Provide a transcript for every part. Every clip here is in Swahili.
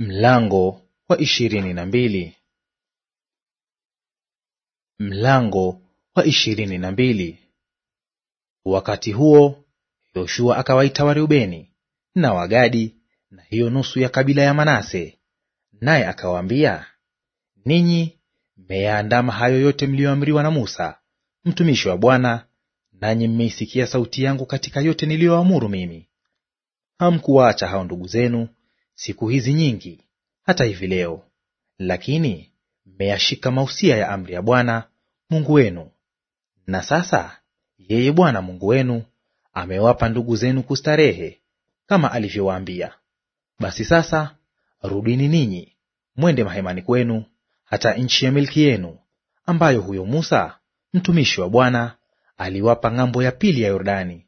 Mlango wa ishirini na mbili. Mlango wa ishirini na mbili. Wakati huo Yoshua akawaita Wareubeni na Wagadi na hiyo nusu ya kabila ya Manase, naye akawaambia, ninyi mmeyaandama hayo yote mliyoamriwa na Musa mtumishi wa Bwana, nanyi mmeisikia sauti yangu katika yote niliyoamuru mimi. Hamkuwaacha hao ndugu zenu siku hizi nyingi hata hivi leo, lakini mmeyashika mausia ya amri ya Bwana Mungu wenu. Na sasa yeye Bwana Mungu wenu amewapa ndugu zenu kustarehe kama alivyowaambia. Basi sasa rudini ninyi mwende mahemani kwenu hata nchi ya milki yenu ambayo huyo Musa mtumishi wa Bwana aliwapa ng'ambo ya pili ya Yordani.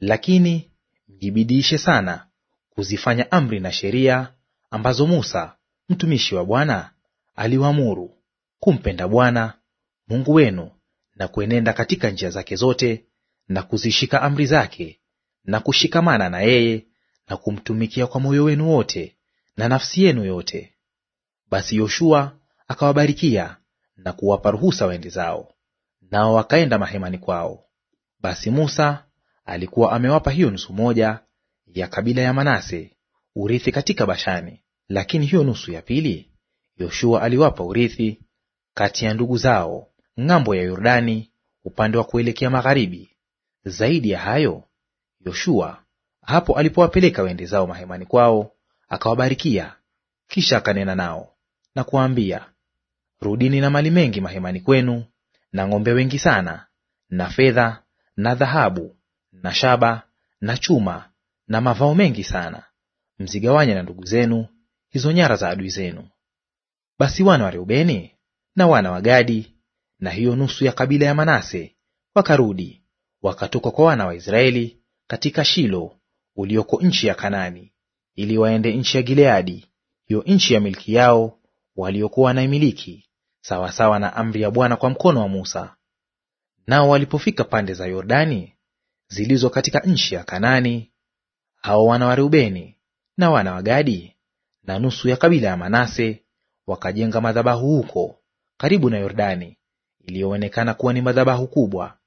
Lakini mjibidiishe sana kuzifanya amri na sheria ambazo Musa mtumishi wa Bwana aliwaamuru, kumpenda Bwana Mungu wenu na kuenenda katika njia zake zote na kuzishika amri zake na kushikamana na yeye na kumtumikia kwa moyo wenu wote na nafsi yenu yote. Basi Yoshua akawabarikia na kuwapa ruhusa waende zao, nao wakaenda mahemani kwao. Basi Musa alikuwa amewapa hiyo nusu moja ya kabila ya Manase urithi katika Bashani. Lakini hiyo nusu ya pili Yoshua aliwapa urithi kati ya ndugu zao ng'ambo ya Yordani upande wa kuelekea magharibi. Zaidi ya hayo, Yoshua hapo alipowapeleka waende zao mahemani kwao, akawabarikia. Kisha akanena nao na kuwaambia, rudini na mali mengi mahemani kwenu, na ng'ombe wengi sana, na fedha, na dhahabu, na shaba, na chuma, na mavao mengi sana, mzigawanye na ndugu zenu hizo nyara za adui zenu. Basi wana wa Reubeni na wana wa Gadi na hiyo nusu ya kabila ya Manase wakarudi wakatoka kwa wana wa Israeli katika Shilo ulioko nchi ya kanani ili waende nchi ya Gileadi, hiyo nchi ya milki yao waliokuwa wanaimiliki, sawasawa na amri ya Bwana kwa mkono wa Musa. Nao walipofika pande za Yordani zilizo katika nchi ya kanani hao wana wa Reubeni na wana wa Gadi na nusu ya kabila ya Manase wakajenga madhabahu huko karibu na Yordani, iliyoonekana kuwa ni madhabahu kubwa.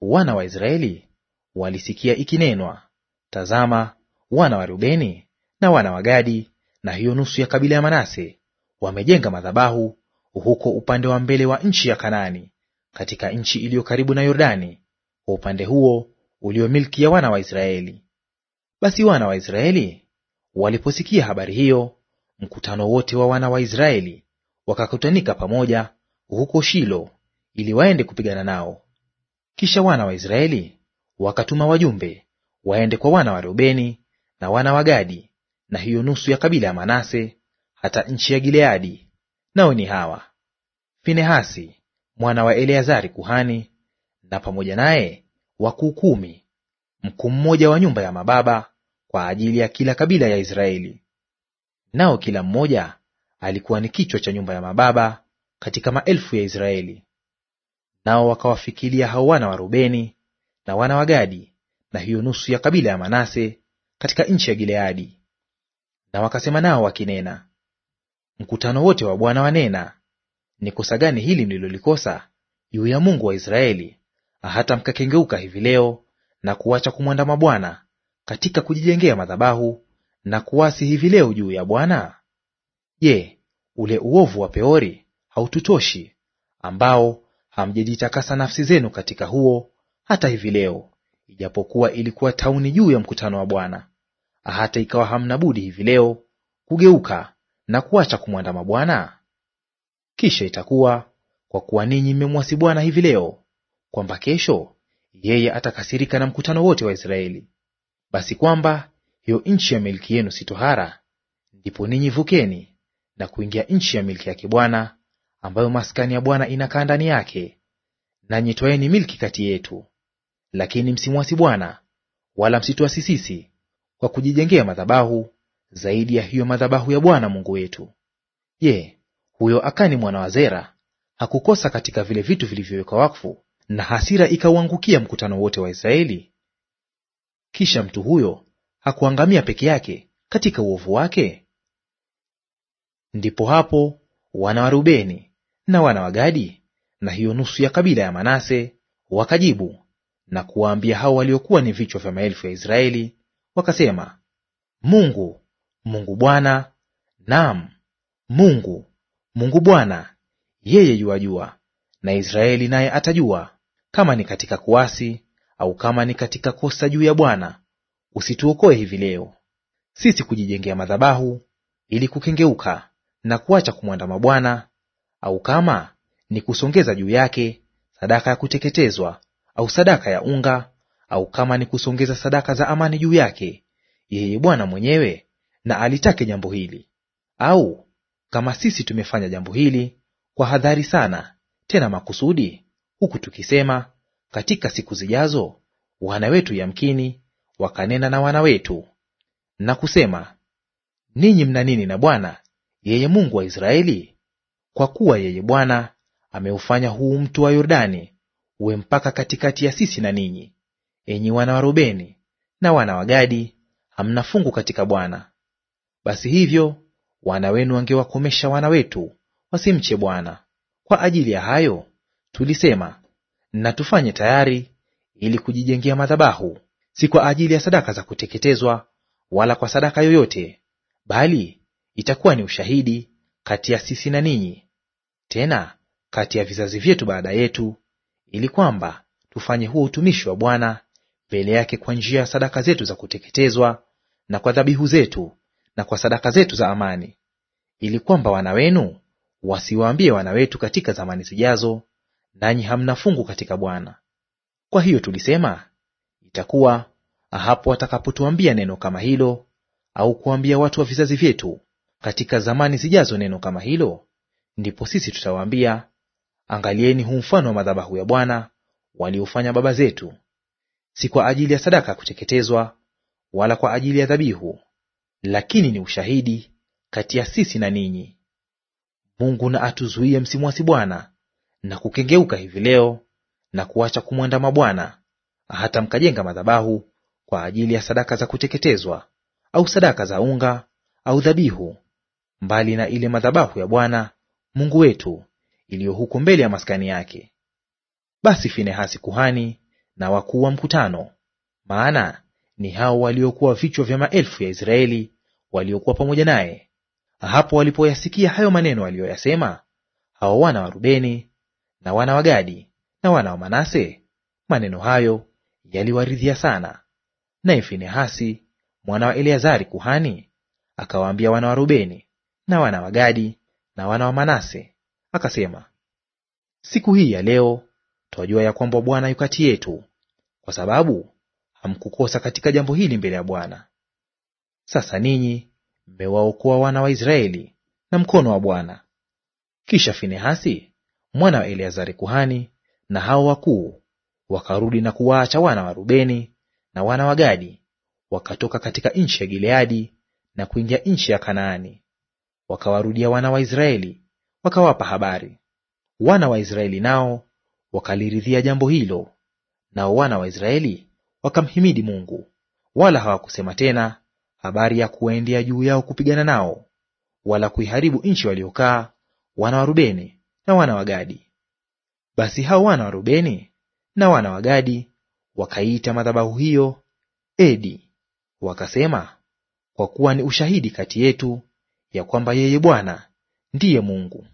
Wana wa Israeli walisikia ikinenwa, Tazama, wana wa reubeni na wana wa Gadi na hiyo nusu ya kabila ya Manase wamejenga madhabahu huko upande wa mbele wa nchi ya Kanaani, katika nchi iliyo karibu na Yordani, kwa upande huo ulio milki ya wana wa Israeli. Basi wana wa Israeli waliposikia habari hiyo, mkutano wote wa wana wa Israeli wakakutanika pamoja huko Shilo ili waende kupigana nao. Kisha wana wa Israeli wakatuma wajumbe waende kwa wana wa Rubeni na wana wa Gadi na hiyo nusu ya kabila ya Manase hata nchi ya Gileadi, nao ni hawa: Finehasi mwana wa Eleazari kuhani, na pamoja naye wakuu kumi, mkuu mmoja wa nyumba ya mababa kwa ajili ya kila kabila ya Israeli. Nao kila mmoja alikuwa ni kichwa cha nyumba ya mababa katika maelfu ya Israeli. Nao wakawafikilia hao wana wa Rubeni na wana wa Gadi na hiyo nusu ya kabila ya Manase katika nchi ya Gileadi. Na wakasema nao wakinena, mkutano wote wa Bwana wanena, ni kosa gani hili mlilolikosa juu ya Mungu wa Israeli, hata mkakengeuka hivi leo na kuacha kumwandama Bwana katika kujijengea madhabahu na kuasi hivi leo juu ya Bwana? Je, ule uovu wa Peori haututoshi, ambao hamjajitakasa nafsi zenu katika huo hata hivi leo, ijapokuwa ilikuwa tauni juu ya mkutano wa Bwana? Hata ikawa hamna budi hivi leo kugeuka na kuacha kumwandama Bwana? Kisha itakuwa kwa kuwa ninyi mmemwasi Bwana hivi leo, kwamba kesho yeye atakasirika na mkutano wote wa Israeli, basi kwamba hiyo nchi ya milki yenu si tohara, ndipo ninyi vukeni na kuingia nchi ya milki yake Bwana, ambayo maskani ya Bwana inakaa ndani yake, nanyi twaeni milki kati yetu. Lakini msimwasi Bwana, wala msituasi sisi, kwa kujijengea madhabahu zaidi ya hiyo madhabahu ya Bwana Mungu wetu. Je, huyo Akani mwana wa Zera hakukosa katika vile vitu vilivyowekwa wakfu, na hasira ikauangukia mkutano wote wa Israeli? Kisha mtu huyo hakuangamia peke yake katika uovu wake? Ndipo hapo wana wa Rubeni na wana wa Gadi na hiyo nusu ya kabila ya Manase wakajibu na kuwaambia hao waliokuwa ni vichwa vya maelfu ya Israeli, wakasema, Mungu, Mungu Bwana, naam, Mungu, Mungu Bwana, yeye yuwajua, na Israeli naye atajua, kama ni katika kuasi au kama ni katika kosa juu ya Bwana, usituokoe hivi leo sisi kujijengea madhabahu ili kukengeuka na kuacha kumwandama Bwana, au kama ni kusongeza juu yake sadaka ya kuteketezwa au sadaka ya unga, au kama ni kusongeza sadaka za amani juu yake, yeye Bwana mwenyewe na alitake jambo hili; au kama sisi tumefanya jambo hili kwa hadhari sana tena makusudi, huku tukisema katika siku zijazo wana wetu yamkini wakanena na wana wetu na kusema, ninyi mna nini na Bwana yeye Mungu wa Israeli? Kwa kuwa yeye Bwana ameufanya huu mto wa Yordani uwe mpaka katikati ya sisi na ninyi. Enyi wana wa Rubeni na wana wa Gadi, hamna fungu katika Bwana. Basi hivyo wana wenu wangewakomesha wana wetu wasimche Bwana. Kwa ajili ya hayo tulisema na tufanye tayari ili kujijengea madhabahu, si kwa ajili ya sadaka za kuteketezwa wala kwa sadaka yoyote, bali itakuwa ni ushahidi kati ya sisi na ninyi, tena kati ya vizazi vyetu baada yetu, ili kwamba tufanye huo utumishi wa Bwana mbele yake kwa njia ya sadaka zetu za kuteketezwa na kwa dhabihu zetu na kwa sadaka zetu za amani, ili kwamba wana wenu wasiwaambie wana wetu katika zamani zijazo, nanyi hamna fungu katika Bwana. Kwa hiyo tulisema itakuwa hapo watakapotuambia neno kama hilo, au kuambia watu wa vizazi vyetu katika zamani zijazo neno kama hilo, ndipo sisi tutawaambia, angalieni huu mfano wa madhabahu ya Bwana waliofanya baba zetu, si kwa ajili ya sadaka ya kuteketezwa wala kwa ajili ya dhabihu, lakini ni ushahidi kati ya sisi na ninyi. Mungu na atuzuie msimwasi Bwana na kukengeuka hivi leo na kuacha kumwandama Bwana, hata mkajenga madhabahu kwa ajili ya sadaka za kuteketezwa au sadaka za unga au dhabihu, mbali na ile madhabahu ya Bwana Mungu wetu iliyo huko mbele ya maskani yake. Basi Finehasi kuhani na wakuu wa mkutano, maana ni hao waliokuwa vichwa vya maelfu ya Israeli waliokuwa pamoja naye, hapo walipoyasikia hayo maneno aliyoyasema hao wana wa Rubeni na wana wa Gadi na wana wa Manase maneno hayo yaliwaridhia sana. Naye Finehasi mwana wa Eleazari kuhani akawaambia wana wa Rubeni na wana wa Gadi na wana wa Manase akasema, siku hii ya leo twajua ya kwamba Bwana yu kati yetu, kwa sababu hamkukosa katika jambo hili mbele ya Bwana. Sasa ninyi mmewaokoa wana wa Israeli na mkono wa Bwana. Kisha Finehasi mwana wa Eleazari kuhani, na hao wakuu wakarudi na kuwaacha wana wa Rubeni na wana wa Gadi, wakatoka katika nchi ya Gileadi na kuingia nchi ya Kanaani. Wakawarudia wana wa Israeli wakawapa habari. Wana wa Israeli nao wakaliridhia jambo hilo, nao wana wa Israeli wakamhimidi Mungu, wala hawakusema tena habari ya kuwaendea juu yao kupigana nao, wala kuiharibu nchi waliokaa wana wa Rubeni na wana wa Gadi. Basi hao wana wa Rubeni na wana wa Gadi wakaiita madhabahu hiyo Edi, wakasema, kwa kuwa ni ushahidi kati yetu ya kwamba yeye Bwana ndiye Mungu.